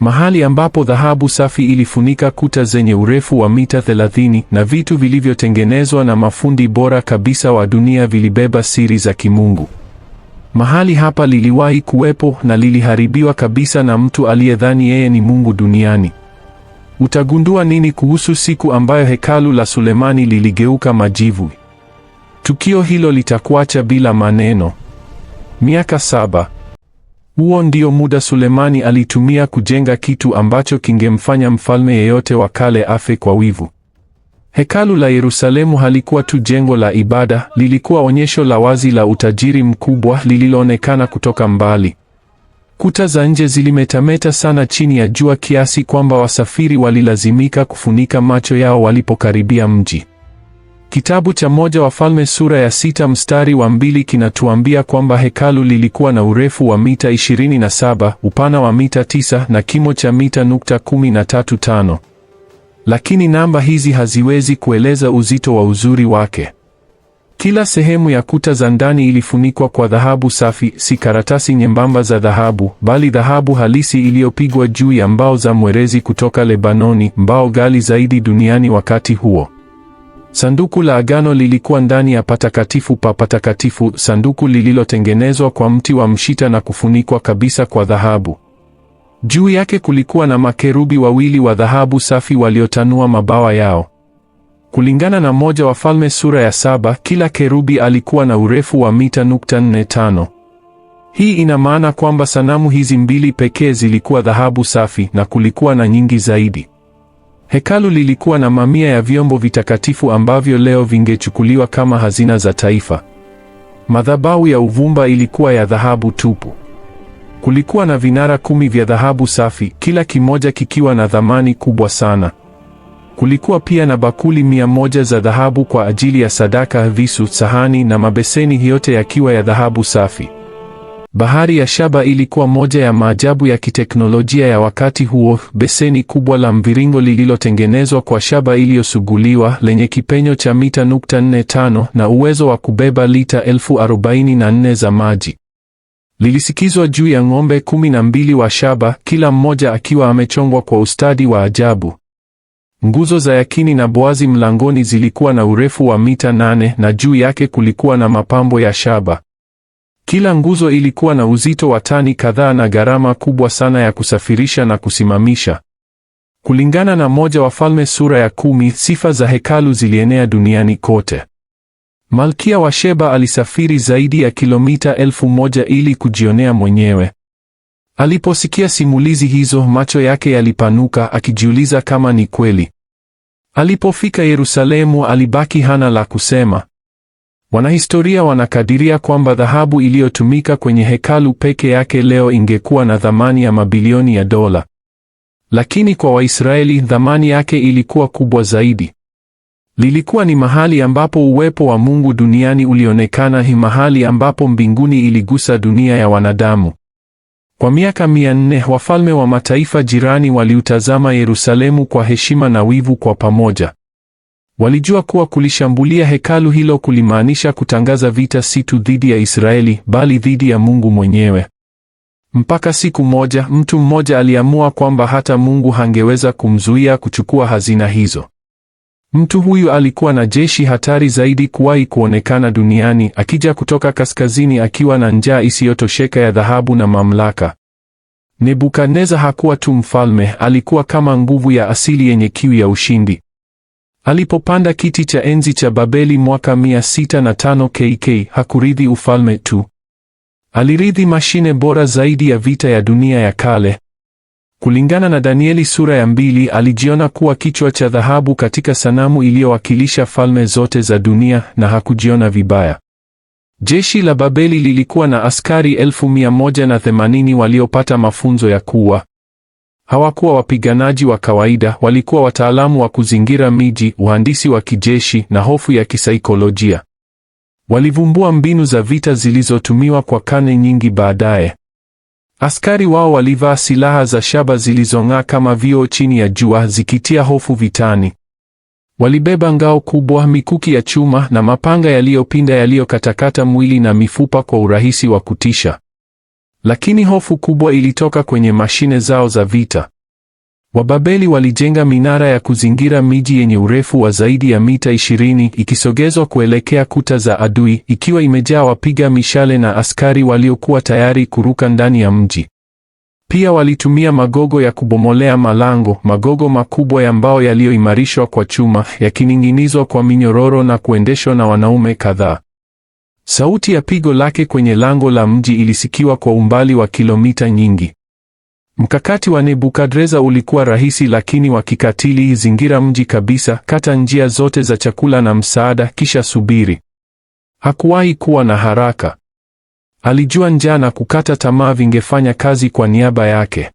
mahali ambapo dhahabu safi ilifunika kuta zenye urefu wa mita 30 na vitu vilivyotengenezwa na mafundi bora kabisa wa dunia vilibeba siri za kimungu. Mahali hapa liliwahi kuwepo na liliharibiwa kabisa na mtu aliyedhani yeye ni mungu duniani. Utagundua nini kuhusu siku ambayo hekalu la Sulemani liligeuka majivu? Tukio hilo litakuacha bila maneno. Miaka saba. Huo ndio muda Sulemani alitumia kujenga kitu ambacho kingemfanya mfalme yeyote wa kale afe kwa wivu. Hekalu la Yerusalemu halikuwa tu jengo la ibada, lilikuwa onyesho la wazi la utajiri mkubwa lililoonekana kutoka mbali. Kuta za nje zilimetameta sana chini ya jua kiasi kwamba wasafiri walilazimika kufunika macho yao walipokaribia mji. Kitabu cha moja Wafalme sura ya sita mstari wa mbili kinatuambia kwamba hekalu lilikuwa na urefu wa mita 27, upana wa mita 9 na kimo cha mita nukta 135. Lakini namba hizi haziwezi kueleza uzito wa uzuri wake. Kila sehemu ya kuta za ndani ilifunikwa kwa dhahabu safi, si karatasi nyembamba za dhahabu, bali dhahabu halisi iliyopigwa juu ya mbao za mwerezi kutoka Lebanoni, mbao ghali zaidi duniani wakati huo. Sanduku la agano lilikuwa ndani ya patakatifu pa patakatifu, sanduku lililotengenezwa kwa mti wa mshita na kufunikwa kabisa kwa dhahabu. Juu yake kulikuwa na makerubi wawili wa dhahabu safi waliotanua mabawa yao. Kulingana na moja Wafalme sura ya saba, kila kerubi alikuwa na urefu wa mita nukta nne tano. Hii ina maana kwamba sanamu hizi mbili pekee zilikuwa dhahabu safi na kulikuwa na nyingi zaidi. Hekalu lilikuwa na mamia ya vyombo vitakatifu ambavyo leo vingechukuliwa kama hazina za taifa. Madhabahu ya uvumba ilikuwa ya dhahabu tupu. Kulikuwa na vinara kumi vya dhahabu safi, kila kimoja kikiwa na thamani kubwa sana. Kulikuwa pia na bakuli mia moja za dhahabu kwa ajili ya sadaka, visu, sahani na mabeseni, yote yakiwa ya dhahabu safi. Bahari ya shaba ilikuwa moja ya maajabu ya kiteknolojia ya wakati huo, beseni kubwa la mviringo lililotengenezwa kwa shaba iliyosuguliwa lenye kipenyo cha mita nukta nne tano na uwezo wa kubeba lita elfu arobaini na nne za maji. Lilisikizwa juu ya ng'ombe kumi na mbili wa shaba, kila mmoja akiwa amechongwa kwa ustadi wa ajabu. Nguzo za yakini na boazi mlangoni zilikuwa na urefu wa mita nane na juu yake kulikuwa na mapambo ya shaba. Kila nguzo ilikuwa na uzito wa tani kadhaa na gharama kubwa sana ya kusafirisha na kusimamisha. Kulingana na mmoja Wafalme sura ya kumi, sifa za hekalu zilienea duniani kote. Malkia wa Sheba alisafiri zaidi ya kilomita elfu moja ili kujionea mwenyewe. Aliposikia simulizi hizo, macho yake yalipanuka akijiuliza kama ni kweli. Alipofika Yerusalemu, alibaki hana la kusema. Wanahistoria wanakadiria kwamba dhahabu iliyotumika kwenye hekalu peke yake leo ingekuwa na thamani ya mabilioni ya dola. Lakini kwa Waisraeli thamani yake ilikuwa kubwa zaidi. Lilikuwa ni mahali ambapo uwepo wa Mungu duniani ulionekana, ni mahali ambapo mbinguni iligusa dunia ya wanadamu. Kwa miaka mia nne wafalme wa mataifa jirani waliutazama Yerusalemu kwa heshima na wivu kwa pamoja. Walijua kuwa kulishambulia hekalu hilo kulimaanisha kutangaza vita si tu dhidi ya Israeli, bali dhidi ya Mungu mwenyewe. Mpaka siku moja, mtu mmoja aliamua kwamba hata Mungu hangeweza kumzuia kuchukua hazina hizo. Mtu huyu alikuwa na jeshi hatari zaidi kuwahi kuonekana duniani, akija kutoka kaskazini akiwa na njaa isiyotosheka ya dhahabu na mamlaka. Nebukadneza hakuwa tu mfalme, alikuwa kama nguvu ya asili yenye kiu ya ushindi. Alipopanda kiti cha enzi cha Babeli mwaka 605 KK, hakurithi ufalme tu, alirithi mashine bora zaidi ya vita ya dunia ya kale. Kulingana na Danieli sura ya mbili, alijiona kuwa kichwa cha dhahabu katika sanamu iliyowakilisha falme zote za dunia na hakujiona vibaya. Jeshi la Babeli lilikuwa na askari elfu mia moja na themanini waliopata mafunzo ya kuwa Hawakuwa wapiganaji wa kawaida, walikuwa wataalamu wa kuzingira miji, wahandisi wa kijeshi na hofu ya kisaikolojia. Walivumbua mbinu za vita zilizotumiwa kwa karne nyingi baadaye. Askari wao walivaa silaha za shaba zilizong'aa kama vioo chini ya jua, zikitia hofu vitani. Walibeba ngao kubwa, mikuki ya chuma na mapanga yaliyopinda yaliyokatakata mwili na mifupa kwa urahisi wa kutisha. Lakini hofu kubwa ilitoka kwenye mashine zao za vita. Wababeli walijenga minara ya kuzingira miji yenye urefu wa zaidi ya mita 20 ikisogezwa kuelekea kuta za adui ikiwa imejaa wapiga mishale na askari waliokuwa tayari kuruka ndani ya mji. Pia walitumia magogo ya kubomolea malango, magogo makubwa ya mbao yaliyoimarishwa kwa chuma, yakining'inizwa kwa minyororo na kuendeshwa na wanaume kadhaa. Sauti ya pigo lake kwenye lango la mji ilisikiwa kwa umbali wa kilomita nyingi. Mkakati wa Nebukadreza ulikuwa rahisi lakini wa kikatili: zingira mji kabisa, kata njia zote za chakula na msaada, kisha subiri. Hakuwahi kuwa na haraka. Alijua njaa na kukata tamaa vingefanya kazi kwa niaba yake.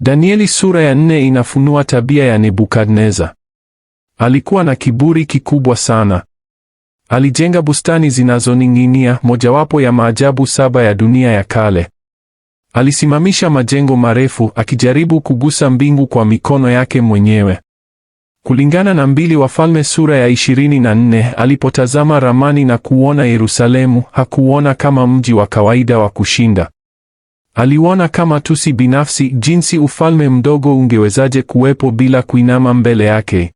Danieli sura ya nne inafunua tabia ya Nebukadneza. Alikuwa na kiburi kikubwa sana. Alijenga bustani zinazoning'inia, mojawapo ya maajabu saba ya dunia ya kale. Alisimamisha majengo marefu akijaribu kugusa mbingu kwa mikono yake mwenyewe. Kulingana na mbili Wafalme sura ya 24, alipotazama ramani na kuona Yerusalemu, hakuona kama mji wa kawaida wa kushinda. Aliuona kama tusi binafsi, jinsi ufalme mdogo ungewezaje kuwepo bila kuinama mbele yake.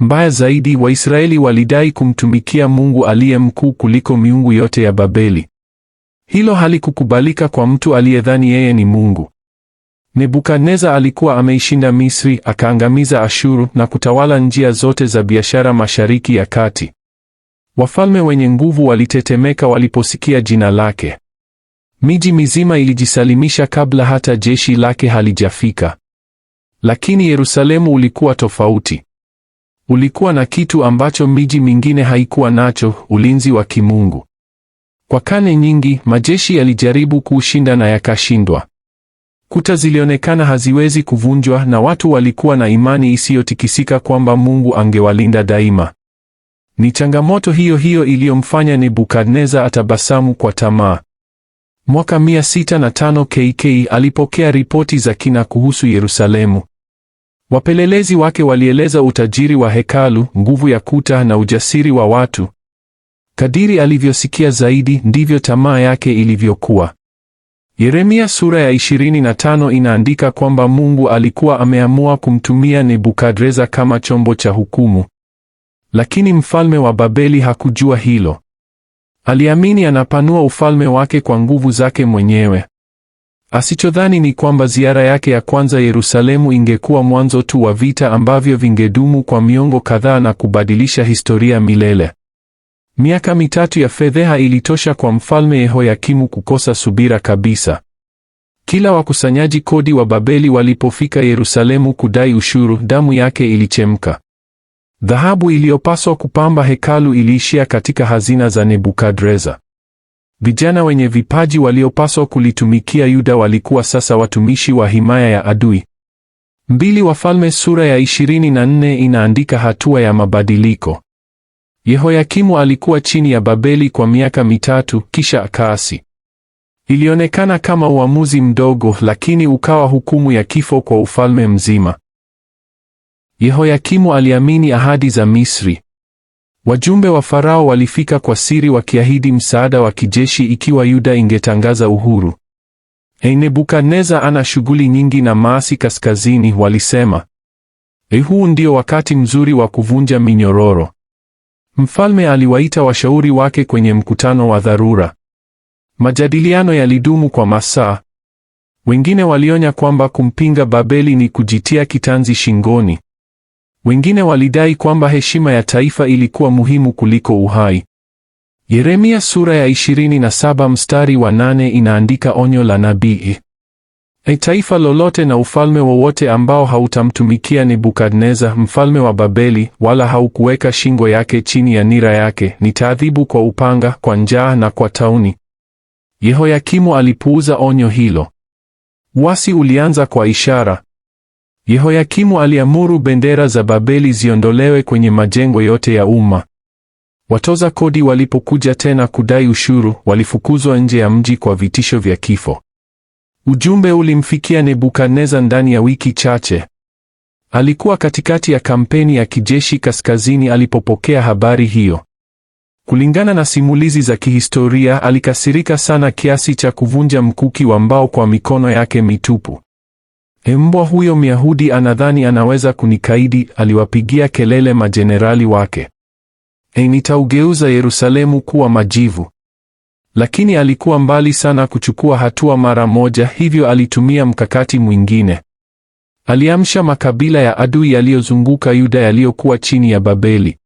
Mbaya zaidi, Waisraeli walidai kumtumikia Mungu aliye mkuu kuliko miungu yote ya Babeli. Hilo halikukubalika kwa mtu aliyedhani yeye ni Mungu. Nebukadneza alikuwa ameishinda Misri, akaangamiza Ashuru na kutawala njia zote za biashara Mashariki ya Kati. Wafalme wenye nguvu walitetemeka waliposikia jina lake. Miji mizima ilijisalimisha kabla hata jeshi lake halijafika. Lakini Yerusalemu ulikuwa tofauti. Ulikuwa na kitu ambacho miji mingine haikuwa nacho, ulinzi wa kimungu. Kwa karne nyingi, majeshi yalijaribu kuushinda na yakashindwa. Kuta zilionekana haziwezi kuvunjwa na watu walikuwa na imani isiyotikisika kwamba Mungu angewalinda daima. Ni changamoto hiyo hiyo iliyomfanya Nebukadneza atabasamu kwa tamaa. Mwaka 605 KK alipokea ripoti za kina kuhusu Yerusalemu. Wapelelezi wake walieleza utajiri wa hekalu, nguvu ya kuta na ujasiri wa watu. Kadiri alivyosikia zaidi, ndivyo tamaa yake ilivyokuwa. Yeremia sura ya 25 inaandika kwamba Mungu alikuwa ameamua kumtumia Nebukadreza kama chombo cha hukumu. Lakini mfalme wa Babeli hakujua hilo. Aliamini anapanua ufalme wake kwa nguvu zake mwenyewe. Asichodhani ni kwamba ziara yake ya kwanza Yerusalemu ingekuwa mwanzo tu wa vita ambavyo vingedumu kwa miongo kadhaa na kubadilisha historia milele. Miaka mitatu ya fedheha ilitosha kwa mfalme Yehoyakimu kukosa subira kabisa. Kila wakusanyaji kodi wa Babeli walipofika Yerusalemu kudai ushuru, damu yake ilichemka. Dhahabu iliyopaswa kupamba hekalu iliishia katika hazina za Nebukadreza. Vijana wenye vipaji waliopaswa kulitumikia Yuda walikuwa sasa watumishi wa himaya ya adui. Mbili Wafalme sura ya 24 inaandika hatua ya mabadiliko. Yehoyakimu alikuwa chini ya Babeli kwa miaka mitatu kisha akaasi. Ilionekana kama uamuzi mdogo, lakini ukawa hukumu ya kifo kwa ufalme mzima. Yehoyakimu aliamini ahadi za Misri. Wajumbe wa Farao walifika kwa siri wakiahidi msaada wa kijeshi ikiwa Yuda ingetangaza uhuru. Hey, Nebukadneza ana shughuli nyingi na maasi kaskazini, walisema. Hey, huu ndio wakati mzuri wa kuvunja minyororo. Mfalme aliwaita washauri wake kwenye mkutano wa dharura. Majadiliano yalidumu kwa masaa. Wengine walionya kwamba kumpinga Babeli ni kujitia kitanzi shingoni. Wengine walidai kwamba heshima ya taifa ilikuwa muhimu kuliko uhai. Yeremia sura ya 27 mstari wa 8 inaandika onyo la nabii. E, taifa lolote na ufalme wowote ambao hautamtumikia Nebukadneza mfalme wa Babeli, wala haukuweka shingo yake chini ya nira yake, nitaadhibu kwa upanga, kwa njaa na kwa tauni. Yehoyakimu alipuuza onyo hilo. Wasi ulianza kwa ishara. Yehoyakimu aliamuru bendera za Babeli ziondolewe kwenye majengo yote ya umma. Watoza kodi walipokuja tena kudai ushuru, walifukuzwa nje ya mji kwa vitisho vya kifo. Ujumbe ulimfikia Nebukadneza ndani ya wiki chache. Alikuwa katikati ya kampeni ya kijeshi kaskazini alipopokea habari hiyo. Kulingana na simulizi za kihistoria, alikasirika sana kiasi cha kuvunja mkuki wa mbao kwa mikono yake mitupu. E mbwa huyo Myahudi anadhani anaweza kunikaidi, aliwapigia kelele majenerali wake. E, nitaugeuza Yerusalemu kuwa majivu. Lakini alikuwa mbali sana kuchukua hatua mara moja, hivyo alitumia mkakati mwingine. Aliamsha makabila ya adui yaliyozunguka Yuda yaliyokuwa chini ya Babeli.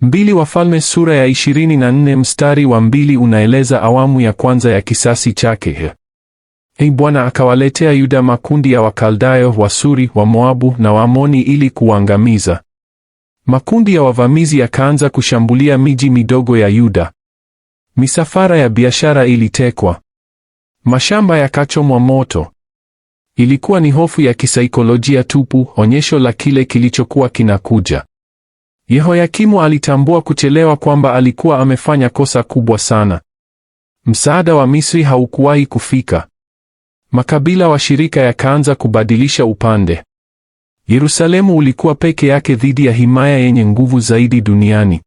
Mbili Wafalme sura ya 24 mstari wa mbili unaeleza awamu ya kwanza ya kisasi chake. E Bwana akawaletea Yuda makundi ya Wakaldayo, Wasuri, wa Moabu na Waamoni ili kuangamiza. Makundi ya wavamizi yakaanza kushambulia miji midogo ya Yuda. Misafara ya biashara ilitekwa. Mashamba yakachomwa moto. Ilikuwa ni hofu ya kisaikolojia tupu, onyesho la kile kilichokuwa kinakuja. Yehoyakimu alitambua kuchelewa kwamba alikuwa amefanya kosa kubwa sana. Msaada wa Misri haukuwahi kufika. Makabila wa shirika yakaanza kubadilisha upande. Yerusalemu ulikuwa peke yake dhidi ya himaya yenye nguvu zaidi duniani.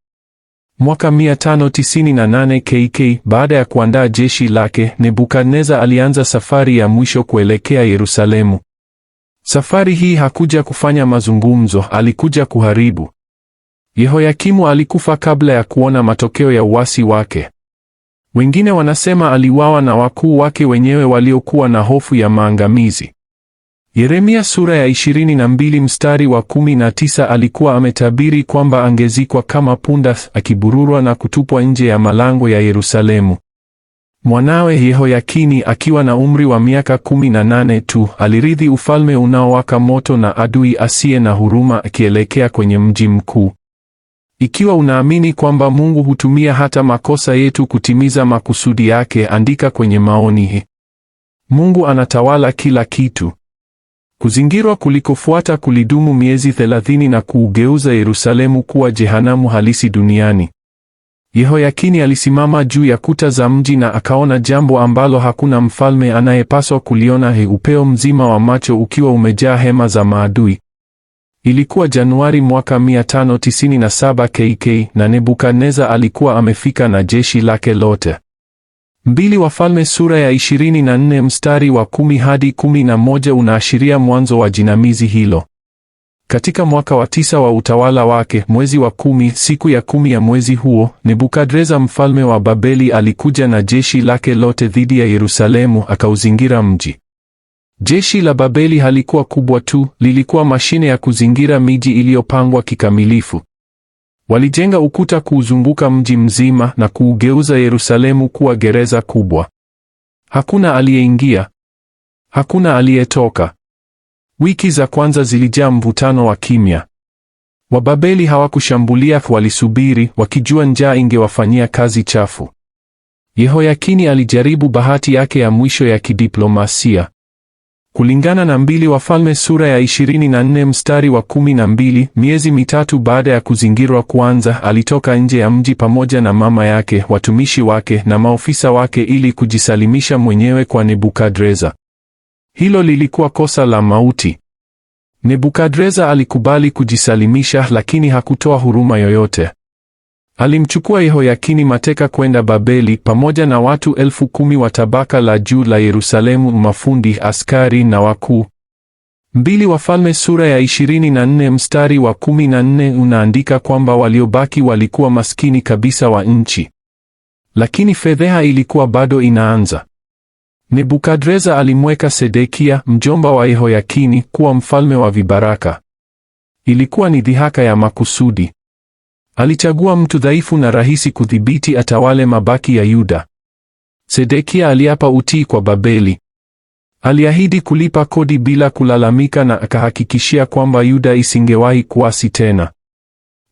Mwaka 598 KK, baada ya kuandaa jeshi lake, Nebukadneza alianza safari ya mwisho kuelekea Yerusalemu. Safari hii hakuja kufanya mazungumzo, alikuja kuharibu. Yehoyakimu alikufa kabla ya kuona matokeo ya uasi wake. Wengine wanasema aliwawa na wakuu wake wenyewe waliokuwa na hofu ya maangamizi. Yeremia sura ya 22 mstari wa 19 alikuwa ametabiri kwamba angezikwa kama punda akibururwa na kutupwa nje ya malango ya Yerusalemu. Mwanawe Yehoyakini akiwa na umri wa miaka 18 tu alirithi ufalme unaowaka moto na adui asiye na huruma akielekea kwenye mji mkuu. Ikiwa unaamini kwamba Mungu hutumia hata makosa yetu kutimiza makusudi yake, andika kwenye maoni. Mungu anatawala kila kitu. Kuzingirwa kulikofuata kulidumu miezi thelathini na kuugeuza Yerusalemu kuwa jehanamu halisi duniani. Yehoyakini alisimama juu ya kuta za mji na akaona jambo ambalo hakuna mfalme anayepaswa kuliona, he upeo mzima wa macho ukiwa umejaa hema za maadui. Ilikuwa Januari mwaka 597 KK na Nebukadneza alikuwa amefika na jeshi lake lote. Mbili Wafalme sura ya 24 mstari wa kumi hadi 11 unaashiria mwanzo wa jinamizi hilo. Katika mwaka wa tisa wa utawala wake, mwezi wa kumi, siku ya kumi ya mwezi huo, Nebukadreza mfalme wa Babeli alikuja na jeshi lake lote dhidi ya Yerusalemu, akauzingira mji. Jeshi la Babeli halikuwa kubwa tu, lilikuwa mashine ya kuzingira miji iliyopangwa kikamilifu. Walijenga ukuta kuuzunguka mji mzima na kuugeuza Yerusalemu kuwa gereza kubwa. Hakuna aliyeingia, hakuna aliyetoka. Wiki za kwanza zilijaa mvutano wa kimya. Wababeli hawakushambulia, walisubiri, wakijua njaa ingewafanyia kazi chafu. Yehoyakini alijaribu bahati yake ya mwisho ya kidiplomasia. Kulingana na mbili Wafalme sura ya 24 mstari wa 12, miezi mitatu baada ya kuzingirwa kwanza, alitoka nje ya mji pamoja na mama yake, watumishi wake na maofisa wake ili kujisalimisha mwenyewe kwa Nebukadreza. Hilo lilikuwa kosa la mauti. Nebukadreza alikubali kujisalimisha, lakini hakutoa huruma yoyote. Alimchukua Yehoyakini mateka kwenda Babeli pamoja na watu elfu kumi wa tabaka la juu la Yerusalemu, mafundi, askari na wakuu. Mbili Wafalme sura ya 24 mstari wa 14 unaandika kwamba waliobaki walikuwa maskini kabisa wa nchi, lakini fedheha ilikuwa bado inaanza. Nebukadreza alimweka Sedekia mjomba wa Yehoyakini kuwa mfalme wa vibaraka. Ilikuwa ni dhihaka ya makusudi. Alichagua mtu dhaifu na rahisi kudhibiti atawale mabaki ya Yuda. Sedekia aliapa utii kwa Babeli. Aliahidi kulipa kodi bila kulalamika na akahakikishia kwamba Yuda isingewahi kuasi tena.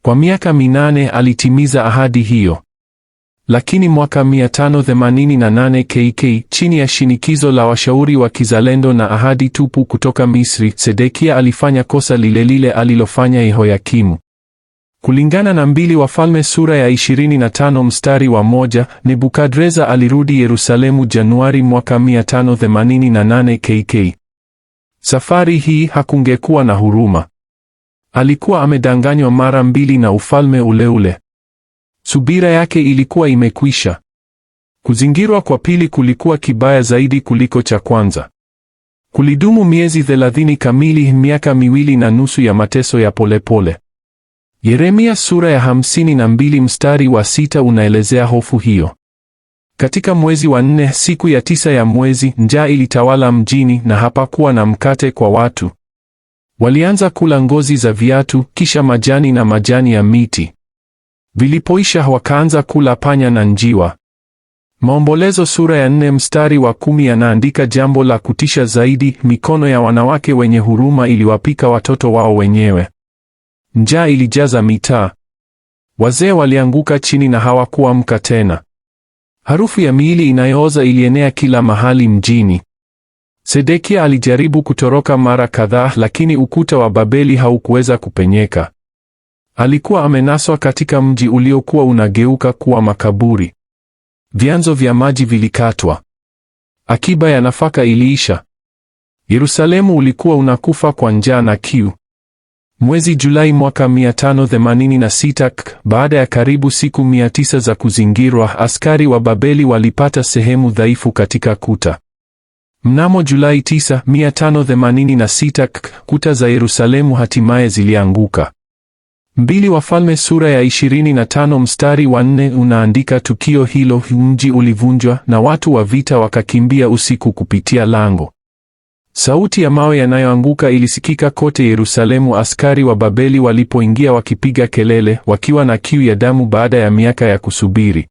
Kwa miaka minane alitimiza ahadi hiyo. Lakini mwaka 588 KK, chini ya shinikizo la washauri wa kizalendo na ahadi tupu kutoka Misri, Sedekia alifanya kosa lile lile alilofanya Yehoyakimu. Kulingana na mbili Wafalme sura ya 25 mstari wa moja, Nebukadreza alirudi Yerusalemu Januari mwaka 588 KK. Safari hii hakungekuwa na huruma. Alikuwa amedanganywa mara mbili na ufalme ule ule. Subira yake ilikuwa imekwisha. Kuzingirwa kwa pili kulikuwa kibaya zaidi kuliko cha kwanza. Kulidumu miezi thelathini kamili, miaka miwili na nusu ya mateso ya polepole pole. Yeremia sura ya hamsini na mbili mstari wa sita unaelezea hofu hiyo. Katika mwezi wa nne, siku ya tisa ya mwezi, njaa ilitawala mjini na hapakuwa na mkate kwa watu. Walianza kula ngozi za viatu, kisha majani na majani ya miti. Vilipoisha wakaanza kula panya na njiwa. Maombolezo sura ya nne mstari wa kumi yanaandika jambo la kutisha zaidi: mikono ya wanawake wenye huruma iliwapika watoto wao wenyewe. Njaa ilijaza mitaa. Wazee walianguka chini na hawakuamka tena. Harufu ya miili inayooza ilienea kila mahali mjini. Sedekia alijaribu kutoroka mara kadhaa, lakini ukuta wa Babeli haukuweza kupenyeka. Alikuwa amenaswa katika mji uliokuwa unageuka kuwa makaburi. Vyanzo vya maji vilikatwa, akiba ya nafaka iliisha. Yerusalemu ulikuwa unakufa kwa njaa na kiu. Mwezi Julai mwaka 586, baada ya karibu siku 900 za kuzingirwa, askari wa Babeli walipata sehemu dhaifu katika kuta. Mnamo Julai 9, 586, kuta za Yerusalemu hatimaye zilianguka. Mbili Wafalme sura ya 25 mstari wa 4 unaandika tukio hilo, mji ulivunjwa na watu wa vita wakakimbia usiku kupitia lango. Sauti ya mawe yanayoanguka ilisikika kote Yerusalemu askari wa Babeli walipoingia wakipiga kelele, wakiwa na kiu ya damu baada ya miaka ya kusubiri.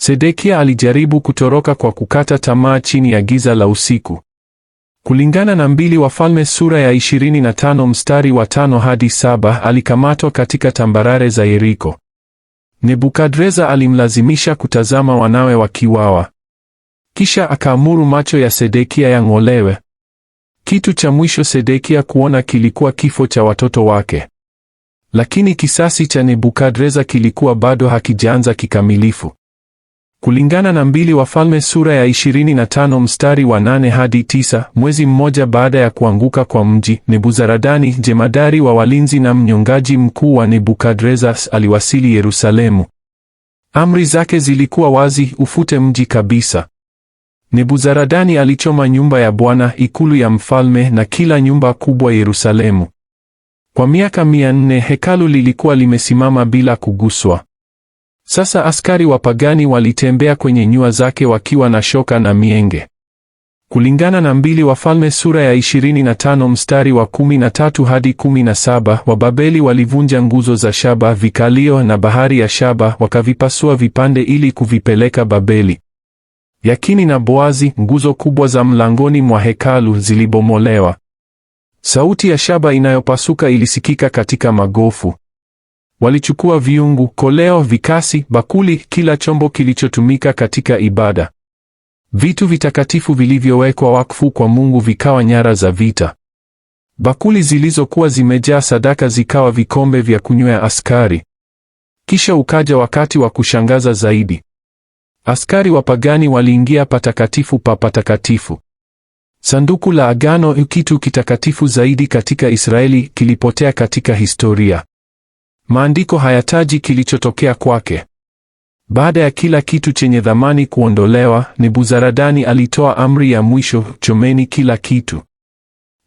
Sedekia alijaribu kutoroka kwa kukata tamaa chini ya giza la usiku. Kulingana na mbili Wafalme sura ya 25 mstari wa tano hadi saba alikamatwa katika tambarare za Yeriko. Nebukadreza alimlazimisha kutazama wanawe wakiwawa, kisha akaamuru macho ya Sedekia yang'olewe. Kitu cha mwisho Sedekia kuona kilikuwa kifo cha watoto wake, lakini kisasi cha Nebukadreza kilikuwa bado hakijaanza kikamilifu. Kulingana na mbili Wafalme sura ya 25 mstari wa 8 hadi 9, mwezi mmoja baada ya kuanguka kwa mji, Nebuzaradani jemadari wa walinzi na mnyongaji mkuu wa Nebukadreza aliwasili Yerusalemu. Amri zake zilikuwa wazi, ufute mji kabisa. Nebuzaradani alichoma nyumba ya Bwana, ikulu ya mfalme na kila nyumba kubwa Yerusalemu. Kwa miaka mia nne hekalu lilikuwa limesimama bila kuguswa. Sasa askari wapagani walitembea kwenye nyua zake wakiwa na shoka na mienge. Kulingana na mbili Wafalme sura ya 25 mstari wa 13 hadi 17, Wababeli walivunja nguzo za shaba, vikalio na bahari ya shaba, wakavipasua vipande ili kuvipeleka Babeli. Yakini na Boazi, nguzo kubwa za mlangoni mwa hekalu zilibomolewa. Sauti ya shaba inayopasuka ilisikika katika magofu. Walichukua viungu, koleo, vikasi, bakuli, kila chombo kilichotumika katika ibada. Vitu vitakatifu vilivyowekwa wakfu kwa Mungu vikawa nyara za vita. Bakuli zilizokuwa zimejaa sadaka zikawa vikombe vya kunywea askari. Kisha ukaja wakati wa kushangaza zaidi. Askari wapagani waliingia patakatifu pa patakatifu. Sanduku la agano, kitu kitakatifu zaidi katika Israeli, kilipotea katika historia. Maandiko hayataji kilichotokea kwake. Baada ya kila kitu chenye dhamani kuondolewa, Nebuzaradani alitoa amri ya mwisho, chomeni kila kitu.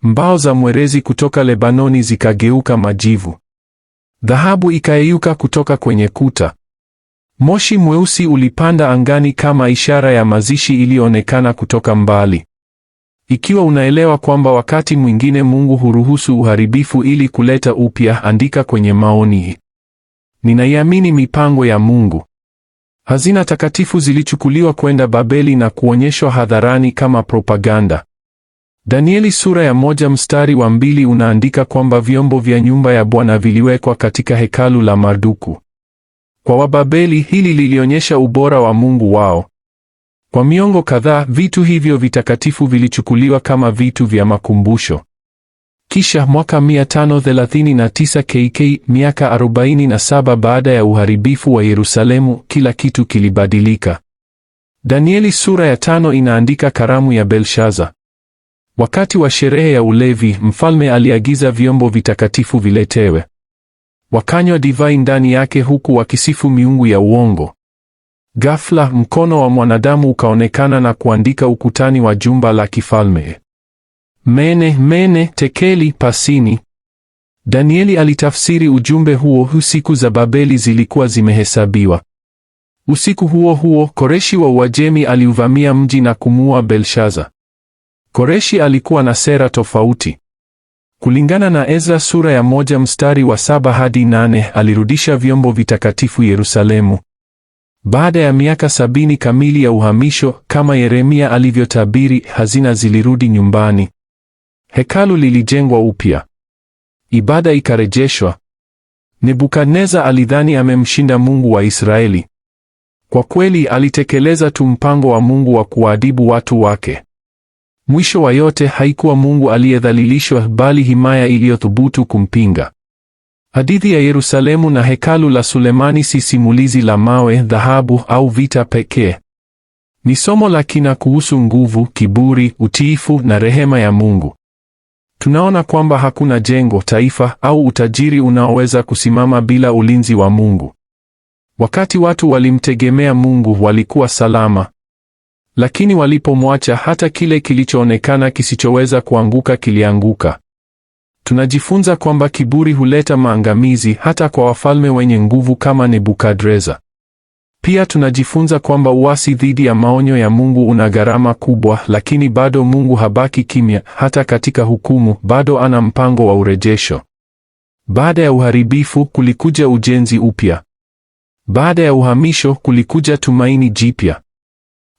Mbao za mwerezi kutoka Lebanoni zikageuka majivu. Dhahabu ikayeyuka kutoka kwenye kuta. Moshi mweusi ulipanda angani kama ishara ya mazishi iliyoonekana kutoka mbali. Ikiwa unaelewa kwamba wakati mwingine Mungu huruhusu uharibifu ili kuleta upya, andika kwenye maoni. Ninaiamini mipango ya Mungu. Hazina takatifu zilichukuliwa kwenda Babeli na kuonyeshwa hadharani kama propaganda. Danieli sura ya moja mstari wa mbili unaandika kwamba vyombo vya nyumba ya Bwana viliwekwa katika hekalu la Marduku. Kwa Wababeli hili lilionyesha ubora wa Mungu wao. Kwa miongo kadhaa vitu hivyo vitakatifu vilichukuliwa kama vitu vya makumbusho. Kisha mwaka 539 KK, miaka 47 baada ya uharibifu wa Yerusalemu, kila kitu kilibadilika. Danieli sura ya tano inaandika karamu ya Belshaza. Wakati wa sherehe ya ulevi, mfalme aliagiza vyombo vitakatifu viletewe wakanywa divai ndani yake huku wakisifu miungu ya uongo. Ghafla mkono wa mwanadamu ukaonekana na kuandika ukutani wa jumba la kifalme, mene mene tekeli pasini. Danieli alitafsiri ujumbe huo, siku za Babeli zilikuwa zimehesabiwa. Usiku huo huo Koreshi wa Uajemi aliuvamia mji na kumuua Belshaza. Koreshi alikuwa na sera tofauti. Kulingana na Ezra sura ya moja mstari wa saba hadi nane alirudisha vyombo vitakatifu Yerusalemu. Baada ya miaka sabini kamili ya uhamisho, kama Yeremia alivyotabiri, hazina zilirudi nyumbani. Hekalu lilijengwa upya, ibada ikarejeshwa. Nebukadneza alidhani amemshinda Mungu wa Israeli. Kwa kweli alitekeleza tu mpango wa Mungu wa kuwaadibu watu wake. Mwisho wa yote haikuwa Mungu aliyedhalilishwa bali himaya iliyothubutu kumpinga. Hadithi ya Yerusalemu na hekalu la Sulemani si simulizi la mawe, dhahabu au vita pekee. Ni somo la kina kuhusu nguvu, kiburi, utiifu na rehema ya Mungu. Tunaona kwamba hakuna jengo, taifa au utajiri unaoweza kusimama bila ulinzi wa Mungu. Wakati watu walimtegemea Mungu, walikuwa salama. Lakini walipomwacha hata kile kilichoonekana kisichoweza kuanguka kilianguka. Tunajifunza kwamba kiburi huleta maangamizi hata kwa wafalme wenye nguvu kama Nebukadreza. Pia tunajifunza kwamba uasi dhidi ya maonyo ya Mungu una gharama kubwa, lakini bado Mungu habaki kimya. Hata katika hukumu, bado ana mpango wa urejesho. Baada ya uharibifu kulikuja ujenzi upya. Baada ya uhamisho kulikuja tumaini jipya.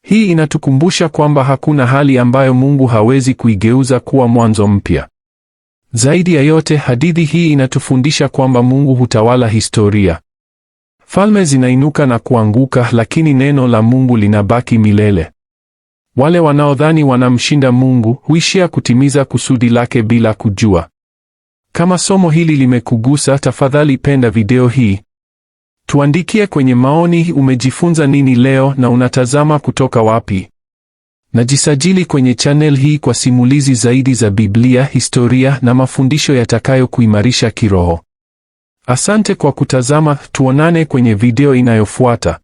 Hii inatukumbusha kwamba hakuna hali ambayo Mungu hawezi kuigeuza kuwa mwanzo mpya. Zaidi ya yote, hadithi hii inatufundisha kwamba Mungu hutawala historia. Falme zinainuka na kuanguka, lakini neno la Mungu linabaki milele. Wale wanaodhani wanamshinda Mungu huishia kutimiza kusudi lake bila kujua. Kama somo hili limekugusa, tafadhali penda video hii. Tuandikie kwenye maoni umejifunza nini leo na unatazama kutoka wapi? Najisajili kwenye channel hii kwa simulizi zaidi za Biblia, historia na mafundisho yatakayokuimarisha kiroho. Asante kwa kutazama, tuonane kwenye video inayofuata.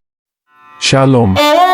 Shalom.